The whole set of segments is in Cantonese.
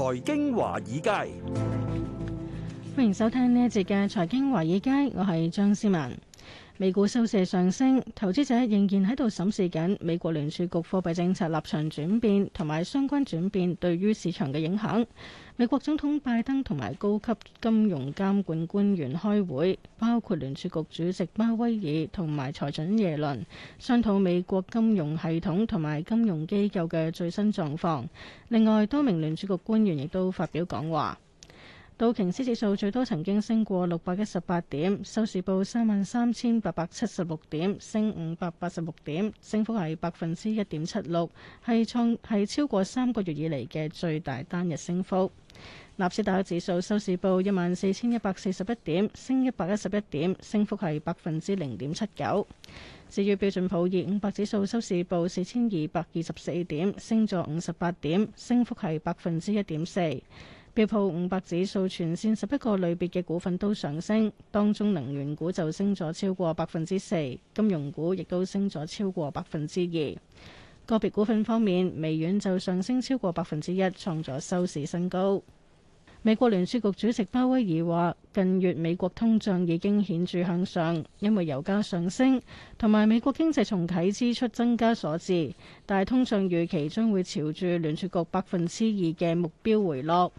財經華爾街，歡迎收聽呢一節嘅財經華爾街。我係張思文，美股收市上升，投資者仍然喺度審視緊美國聯儲局貨幣政策立場轉變同埋相關轉變對於市場嘅影響。美國總統拜登同埋高級金融監管官員開會，包括聯儲局主席鮑威爾同埋財長耶倫，商討美國金融系統同埋金融機構嘅最新狀況。另外，多名聯儲局官員亦都發表講話。道瓊斯指數最多曾經升過六百一十八點，收市報三萬三千八百七十六點，升五百八十六點，升幅係百分之一點七六，係創係超過三個月以嚟嘅最大單日升幅。納斯達克指數收市報一萬四千一百四十一點，升一百一十一點，升幅係百分之零點七九。至於標準普爾五百指數收市報四千二百二十四點，升咗五十八點，升幅係百分之一點四。標普五百指數全線十一個類別嘅股份都上升，當中能源股就升咗超過百分之四，金融股亦都升咗超過百分之二。個別股份方面，微軟就上升超過百分之一，創咗收市新高。美國聯儲局主席鮑威爾話，近月美國通脹已經顯著向上，因為油價上升同埋美國經濟重啟支出增加所致，但係通脹預期將會朝住聯儲局百分之二嘅目標回落。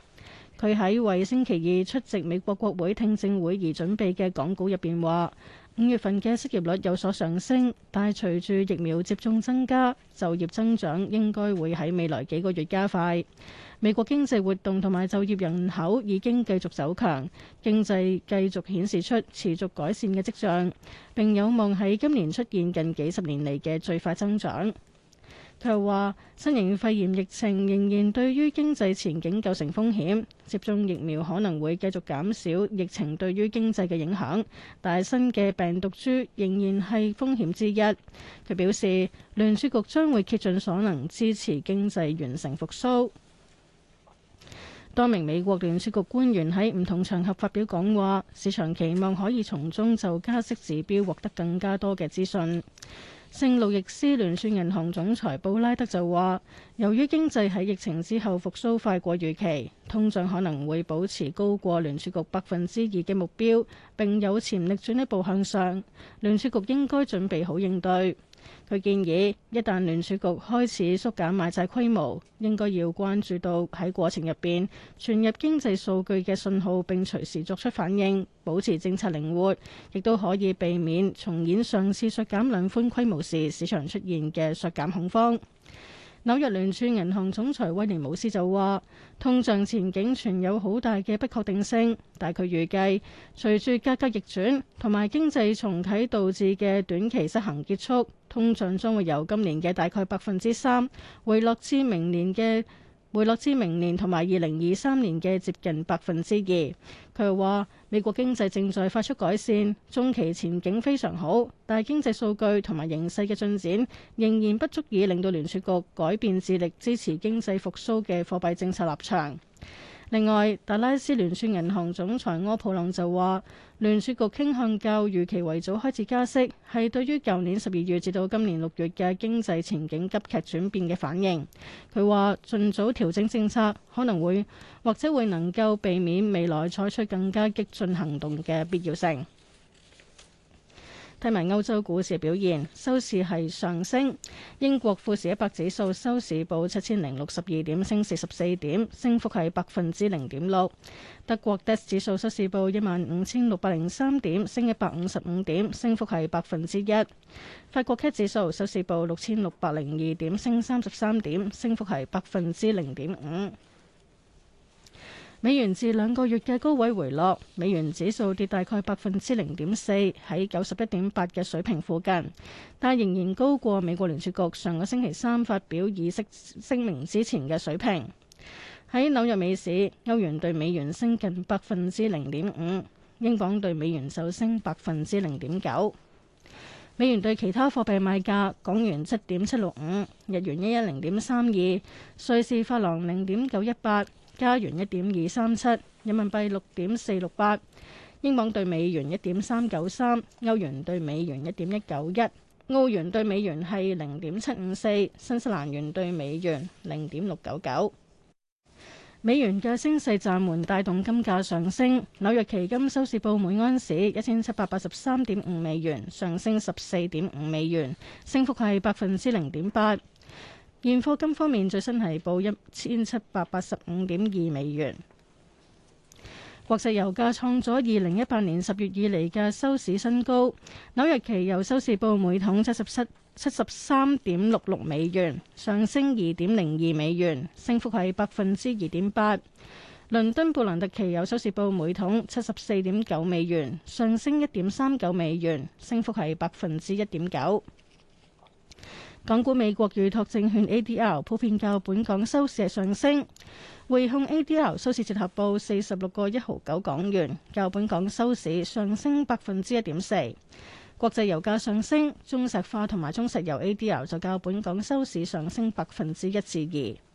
佢喺為星期二出席美國國會聽證會而準備嘅講稿入邊話：五月份嘅失業率有所上升，但係隨住疫苗接種增加，就業增長應該會喺未來幾個月加快。美國經濟活動同埋就業人口已經繼續走強，經濟繼續顯示出持續改善嘅跡象，並有望喺今年出現近幾十年嚟嘅最快增長。佢又話：新型肺炎疫情仍然對於經濟前景構成風險，接種疫苗可能會繼續減少疫情對於經濟嘅影響，但係新嘅病毒株仍然係風險之一。佢表示，聯儲局將會竭盡所能支持經濟完成復甦。多名美國聯儲局官員喺唔同場合發表講話，市場期望可以從中就加息指標獲得更加多嘅資訊。聖路易斯聯儲銀行總裁布拉德就話，由於經濟喺疫情之後復甦快過預期，通脹可能會保持高過聯儲局百分之二嘅目標，並有潛力進一步向上。聯儲局應該準備好應對。佢建議，一旦聯儲局開始縮減買債規模，應該要關注到喺過程入邊傳入經濟數據嘅信號，並隨時作出反應，保持政策靈活，亦都可以避免重演上次縮減量寬規模時市場出現嘅縮減恐慌。紐約聯儲銀行總裁威廉姆斯就話，通脹前景存有好大嘅不確定性，但佢預計，隨住價格逆轉同埋經濟重啟導致嘅短期失衡結束，通脹將會由今年嘅大概百分之三，回落至明年嘅回落至明年同埋二零二三年嘅接近百分之二。佢話：美國經濟正在發出改善，中期前景非常好，但係經濟數據同埋形勢嘅進展仍然不足以令到聯儲局改變致力支持經濟復甦嘅貨幣政策立場。另外，達拉斯聯儲銀行總裁柯普朗就話，聯儲局傾向較預期為早開始加息，係對於舊年十二月至到今年六月嘅經濟前景急劇轉變嘅反應。佢話，儘早調整政策可能會或者會能夠避免未來採取更加激進行動嘅必要性。睇埋歐洲股市表現，收市係上升。英國富時一百指數收市報七千零六十二點，升四十四點，升幅係百分之零點六。德國 DAX 指數收市報一萬五千六百零三點，升一百五十五點，升幅係百分之一。法國 K 指數收市報六千六百零二點，升三十三點，升幅係百分之零點五。美元至兩個月嘅高位回落，美元指數跌大概百分之零點四，喺九十一點八嘅水平附近，但仍然高過美國聯儲局上個星期三發表議息聲明之前嘅水平。喺紐約美市，歐元對美元升近百分之零點五，英鎊對美元就升百分之零點九。美元對其他貨幣賣價，港元七點七六五，日元一一零點三二，瑞士法郎零點九一八。加元一點二三七，7, 人民幣六點四六八，英鎊對美元一點三九三，歐元對美元一點一九一，澳元對美元係零點七五四，新西蘭元對美元零點六九九。美元嘅升勢暫緩，帶動金價上升。紐約期金收市報每安士一千七百八十三點五美元，上升十四點五美元，升幅係百分之零點八。現貨金方面最新係報一千七百八十五點二美元，國際油價創咗二零一八年十月以嚟嘅收市新高。紐約期油收市報每桶七十七七十三點六六美元，上升二點零二美元，升幅係百分之二點八。倫敦布蘭特期油收市報每桶七十四點九美元，上升一點三九美元，升幅係百分之一點九。港股、美國預託證券 ADR 普遍較本，本港收市上升，匯控 ADR 收市折合報四十六個一毫九港元，較本港收市上升百分之一點四。國際油價上升，中石化同埋中石油 ADR 就較本港收市上升百分之一至二。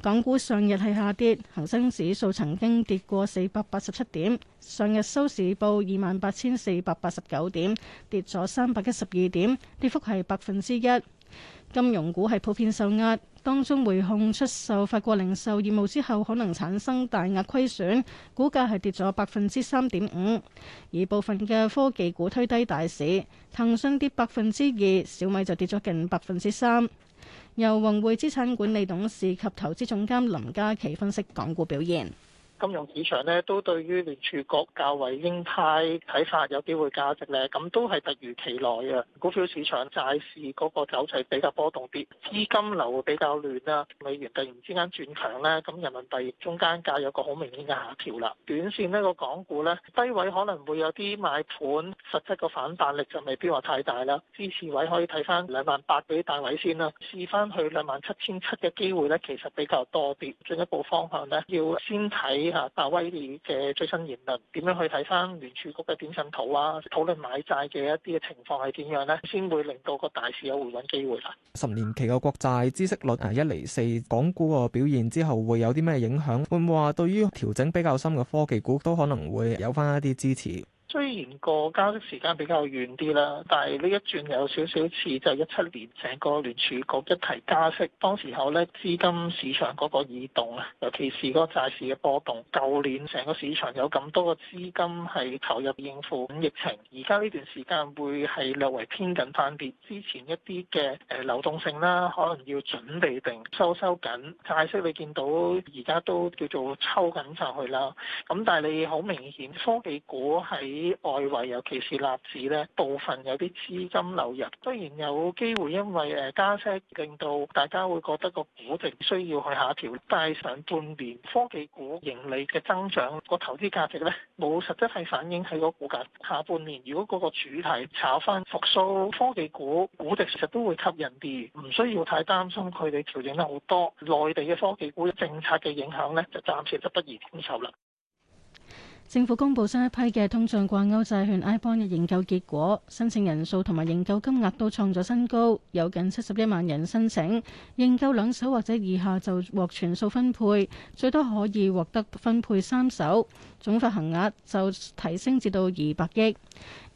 港股上日係下跌，恒生指數曾經跌過四百八十七點，上日收市報二萬八千四百八十九點，跌咗三百一十二點，跌幅係百分之一。金融股係普遍受壓。當中匯控出售法國零售業務之後，可能產生大額虧損，股價係跌咗百分之三點五。而部分嘅科技股推低大市，騰訊跌百分之二，小米就跌咗近百分之三。由宏匯資產管理董事及投資總監林嘉琪分析港股表現。金融市場咧都對於聯儲局較為鷹派睇法有機會價值咧，咁都係突如其來嘅。股票市場、債市嗰個走勢比較波動啲，資金流比較亂啦。美元突然之間轉強咧，咁人民幣中間價有個好明顯嘅下調啦。短線呢個港股咧低位可能會有啲買盤，實際個反彈力就未必話太大啦。支持位可以睇翻兩萬八幾大位先啦，試翻去兩萬七千七嘅機會咧其實比較多啲。進一步方向咧要先睇下大威利嘅最新言論，點樣去睇翻聯儲局嘅點陣圖啊，討論買債嘅一啲嘅情況係點樣咧？先會令到個大市有回穩機會啦。十年期嘅國債孳息率啊，一釐四，港股個表現之後會有啲咩影響，會唔會話對於調整比較深嘅科技股都可能會有翻一啲支持？雖然個加息時間比較遠啲啦，但係呢一轉有少少似就係一七年成個聯儲局一提加息，當時候呢資金市場嗰個異動啊，尤其是個債市嘅波動。舊年成個市場有咁多個資金係投入應付咁疫情，而家呢段時間會係略為偏緊翻啲。之前一啲嘅誒流動性啦，可能要準備定收收緊，債息你見到而家都叫做抽緊上去啦。咁但係你好明顯科技股係。以外圍，尤其是納指咧，部分有啲資金流入。雖然有機會因為誒、呃、加息，令到大家會覺得個估值需要去下調，但係上半年科技股盈利嘅增長，個投資價值咧冇實質係反映喺個股價。下半年如果嗰個主題炒翻復甦，科技股估值其實都會吸引啲，唔需要太擔心佢哋調整得好多。內地嘅科技股政策嘅影響咧，就暫時就不宜接受啦。政府公布新一批嘅通脹掛鈎債券 iBond 嘅認購結果，申請人數同埋認購金額都創咗新高，有近七十一萬人申請，認購兩手或者以下就獲全數分配，最多可以獲得分配三手，總發行額就提升至到二百億。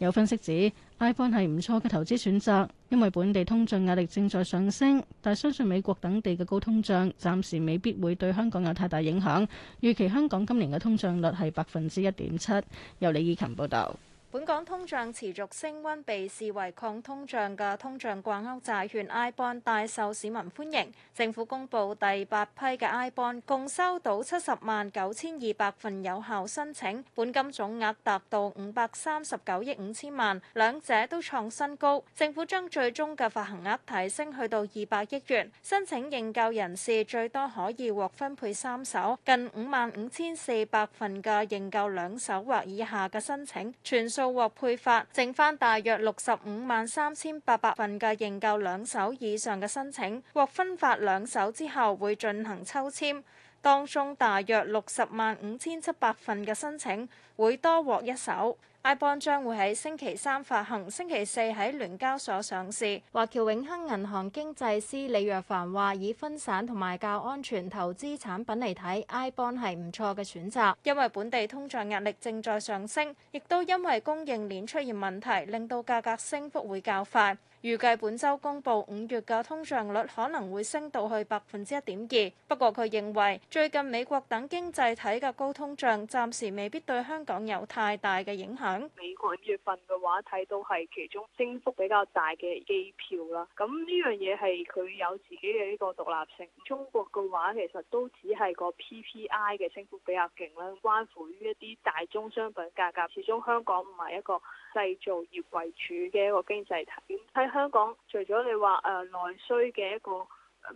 有分析指，外貿係唔錯嘅投資選擇，因為本地通脹壓力正在上升，但相信美國等地嘅高通脹暫時未必會對香港有太大影響。預期香港今年嘅通脹率係百分之一點七。由李以琴報導。本港通脹持續升溫，被視為抗通脹嘅通脹掛鈎債券 iBond 大受市民歡迎。政府公布第八批嘅 iBond，共收到七十萬九千二百份有效申請，本金總額達到五百三十九億五千萬，兩者都創新高。政府將最終嘅發行額提升去到二百億元，申請認購人士最多可以獲分配三手，近五萬五千四百份嘅認購兩手或以下嘅申請，全數到獲配發，剩返大約六十五萬三千八百份嘅認購兩手以上嘅申請，獲分發兩手之後會進行抽籤，當中大約六十萬五千七百份嘅申請會多獲一手。iBond 將會喺星期三發行，星期四喺聯交所上市。華僑永亨銀行經濟師李若凡話，以分散同埋較安全投資產品嚟睇，iBond 係唔錯嘅選擇，因為本地通脹壓力正在上升，亦都因為供應鏈出現問題，令到價格升幅會較快。預計本週公布五月嘅通脹率可能會升到去百分之一點二。不過佢認為最近美國等經濟體嘅高通脹暫時未必對香港有太大嘅影響。美國五月份嘅話睇到係其中升幅比較大嘅機票啦。咁呢樣嘢係佢有自己嘅呢個獨立性。中國嘅話其實都只係個 PPI 嘅升幅比較勁啦。關乎於一啲大宗商品價格，始終香港唔係一個。製造業為主嘅一個經濟體，喺香港除咗你話誒、呃、內需嘅一個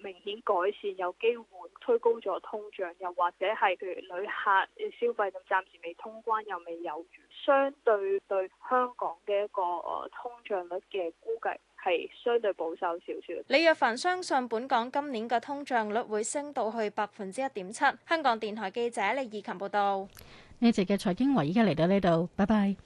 明顯改善，有機會推高咗通脹，又或者係譬如旅客嘅消費就暫時未通關又未有，相對對香港嘅一個、呃、通脹率嘅估計係相對保守少少。李若凡相信本港今年嘅通脹率會升到去百分之一點七。香港電台記者李義琴報道。呢集嘅財經華爾街，依家嚟到呢度，拜拜。